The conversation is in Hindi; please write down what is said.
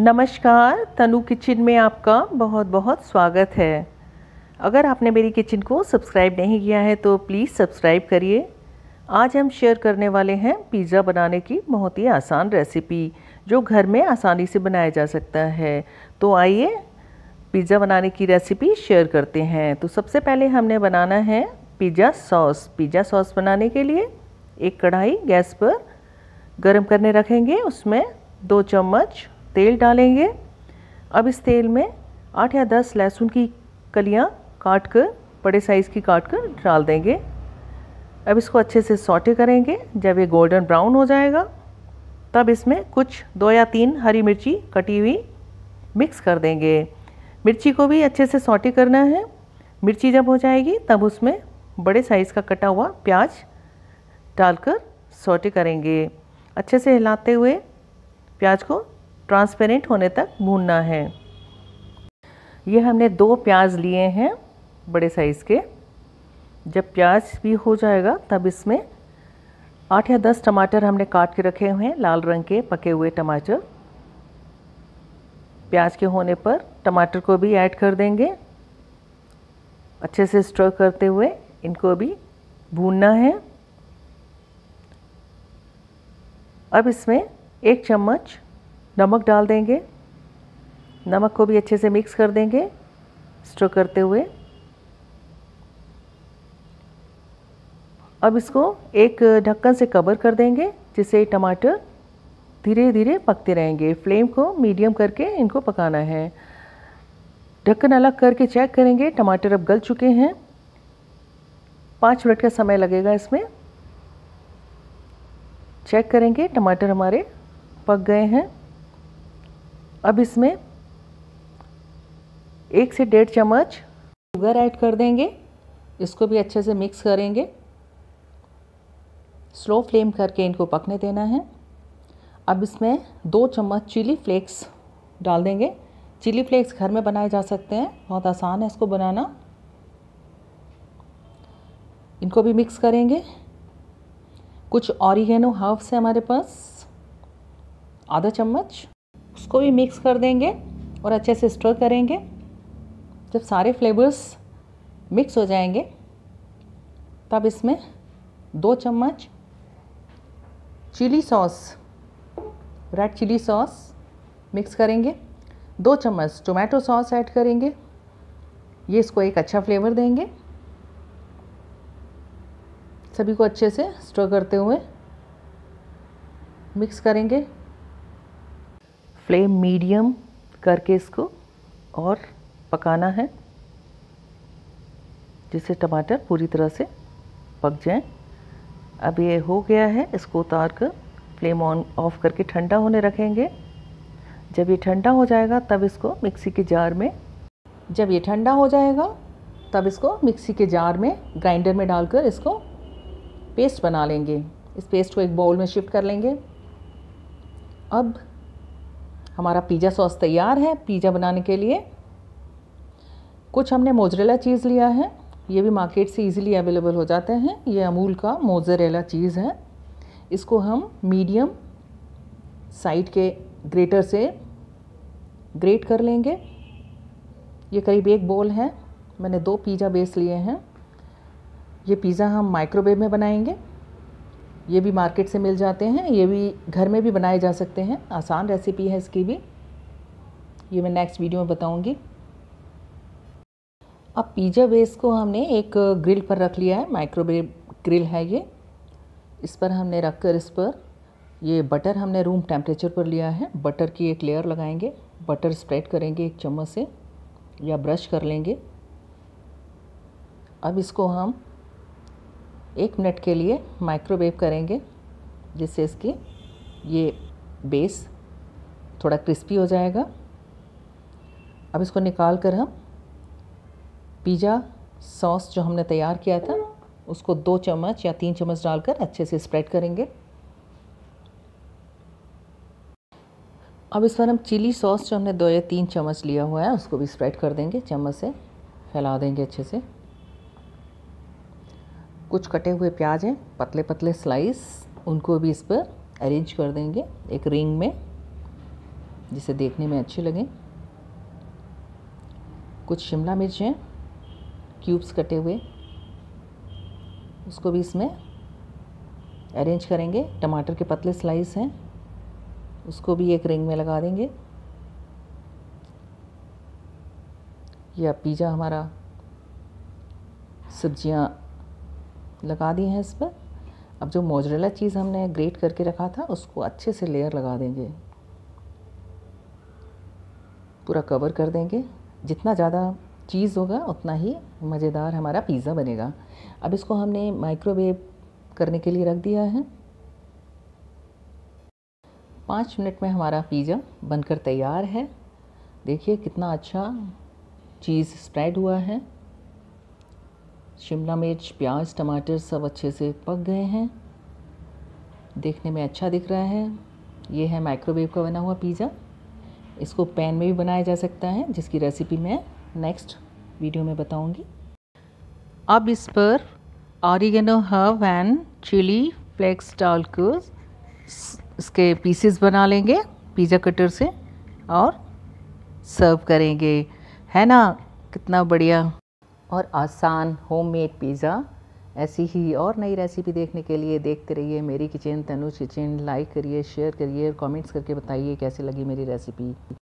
नमस्कार तनु किचन में आपका बहुत बहुत स्वागत है अगर आपने मेरी किचन को सब्सक्राइब नहीं किया है तो प्लीज़ सब्सक्राइब करिए आज हम शेयर करने वाले हैं पिज़्ज़ा बनाने की बहुत ही आसान रेसिपी जो घर में आसानी से बनाया जा सकता है तो आइए पिज़्ज़ा बनाने की रेसिपी शेयर करते हैं तो सबसे पहले हमने बनाना है पिज़्ज़ा सॉस पिज़्ज़ा सॉस बनाने के लिए एक कढ़ाई गैस पर गर्म करने रखेंगे उसमें दो चम्मच तेल डालेंगे अब इस तेल में आठ या दस लहसुन की कलियाँ काट कर बड़े साइज़ की काट कर डाल देंगे अब इसको अच्छे से सौटे करेंगे जब ये गोल्डन ब्राउन हो जाएगा तब इसमें कुछ दो या तीन हरी मिर्ची कटी हुई मिक्स कर देंगे मिर्ची को भी अच्छे से सॉटे करना है मिर्ची जब हो जाएगी तब उसमें बड़े साइज़ का कटा हुआ प्याज डालकर सौटे करेंगे अच्छे से हिलाते हुए प्याज को ट्रांसपेरेंट होने तक भूनना है ये हमने दो प्याज लिए हैं बड़े साइज़ के जब प्याज भी हो जाएगा तब इसमें आठ या दस टमाटर हमने काट के रखे हुए हैं लाल रंग के पके हुए टमाटर प्याज के होने पर टमाटर को भी ऐड कर देंगे अच्छे से स्टर करते हुए इनको भी भूनना है अब इसमें एक चम्मच नमक डाल देंगे नमक को भी अच्छे से मिक्स कर देंगे स्ट्रो करते हुए अब इसको एक ढक्कन से कवर कर देंगे जिससे टमाटर धीरे धीरे पकते रहेंगे फ्लेम को मीडियम करके इनको पकाना है ढक्कन अलग करके चेक करेंगे टमाटर अब गल चुके हैं पाँच मिनट का समय लगेगा इसमें चेक करेंगे टमाटर हमारे पक गए हैं अब इसमें एक से डेढ़ चम्मच शुगर ऐड कर देंगे इसको भी अच्छे से मिक्स करेंगे स्लो फ्लेम करके इनको पकने देना है अब इसमें दो चम्मच चिली फ्लेक्स डाल देंगे चिली फ्लेक्स घर में बनाए जा सकते हैं बहुत आसान है इसको बनाना इनको भी मिक्स करेंगे कुछ ऑरिगेनो हर्ब्स है हमारे पास आधा चम्मच उसको भी मिक्स कर देंगे और अच्छे से स्टोर करेंगे जब सारे फ्लेवर्स मिक्स हो जाएंगे तब इसमें दो चम्मच chilli sauce red chilli sauce mix करेंगे दो चम्मच टोमेटो सॉस ऐड करेंगे ये इसको एक अच्छा फ्लेवर देंगे सभी को अच्छे से स्टोर करते हुए मिक्स करेंगे फ्लेम मीडियम करके इसको और पकाना है जिससे टमाटर पूरी तरह से पक जाए अब ये हो गया है इसको उतार कर फ्लेम ऑन ऑफ करके ठंडा होने रखेंगे जब ये ठंडा हो जाएगा तब इसको मिक्सी के जार में जब ये ठंडा हो जाएगा तब इसको मिक्सी के जार में ग्राइंडर में डालकर इसको पेस्ट बना लेंगे इस पेस्ट को एक बाउल में शिफ्ट कर लेंगे अब हमारा पिज़्ज़ा सॉस तैयार है पिज़्ज़ा बनाने के लिए कुछ हमने मोजरेला चीज़ लिया है ये भी मार्केट से इजीली अवेलेबल हो जाते हैं ये अमूल का मोजरेला चीज़ है इसको हम मीडियम साइड के ग्रेटर से ग्रेट कर लेंगे ये करीब एक बोल है मैंने दो पिज़्ज़ा बेस लिए हैं ये पिज़्ज़ा हम माइक्रोवेव में बनाएंगे ये भी मार्केट से मिल जाते हैं ये भी घर में भी बनाए जा सकते हैं आसान रेसिपी है इसकी भी ये मैं नेक्स्ट वीडियो में बताऊंगी अब पिज़्ज़ा बेस को हमने एक ग्रिल पर रख लिया है माइक्रोवेव ग्रिल है ये इस पर हमने रख कर इस पर ये बटर हमने रूम टेम्परेचर पर लिया है बटर की एक लेयर लगाएंगे बटर स्प्रेड करेंगे एक चम्मच से या ब्रश कर लेंगे अब इसको हम एक मिनट के लिए माइक्रोवेव करेंगे जिससे इसकी ये बेस थोड़ा क्रिस्पी हो जाएगा अब इसको निकाल कर हम पिज़्ज़ा सॉस जो हमने तैयार किया था उसको दो चम्मच या तीन चम्मच डालकर अच्छे से स्प्रेड करेंगे अब इस बार हम चिली सॉस जो हमने दो या तीन चम्मच लिया हुआ है उसको भी स्प्रेड कर देंगे चम्मच से फैला देंगे अच्छे से कुछ कटे हुए प्याज हैं पतले पतले स्लाइस उनको भी इस पर अरेंज कर देंगे एक रिंग में जिसे देखने में अच्छे लगे कुछ शिमला मिर्च हैं क्यूब्स कटे हुए उसको भी इसमें अरेंज करेंगे टमाटर के पतले स्लाइस हैं उसको भी एक रिंग में लगा देंगे या पिज़्ज़ा हमारा सब्जियां लगा दिए हैं इस पर अब जो मोजरेला चीज़ हमने ग्रेट करके रखा था उसको अच्छे से लेयर लगा देंगे पूरा कवर कर देंगे जितना ज़्यादा चीज़ होगा उतना ही मज़ेदार हमारा पिज़्ज़ा बनेगा अब इसको हमने माइक्रोवेव करने के लिए रख दिया है पाँच मिनट में हमारा पिज़्ज़ा बनकर तैयार है देखिए कितना अच्छा चीज़ स्प्रेड हुआ है शिमला मिर्च प्याज टमाटर सब अच्छे से पक गए हैं देखने में अच्छा दिख रहा है ये है माइक्रोवेव का बना हुआ पिज़्ज़ा इसको पैन में भी बनाया जा सकता है जिसकी रेसिपी मैं नेक्स्ट वीडियो में बताऊंगी। अब इस पर oregano herb and chilli flakes डालकर इसके पीसेस बना लेंगे पिज़्ज़ा कटर से और सर्व करेंगे है ना कितना बढ़िया और आसान होममेड पिज़्ज़ा ऐसी ही और नई रेसिपी देखने के लिए देखते रहिए मेरी किचन तनुज किचन लाइक करिए शेयर करिए और कमेंट्स करके बताइए कैसे लगी मेरी रेसिपी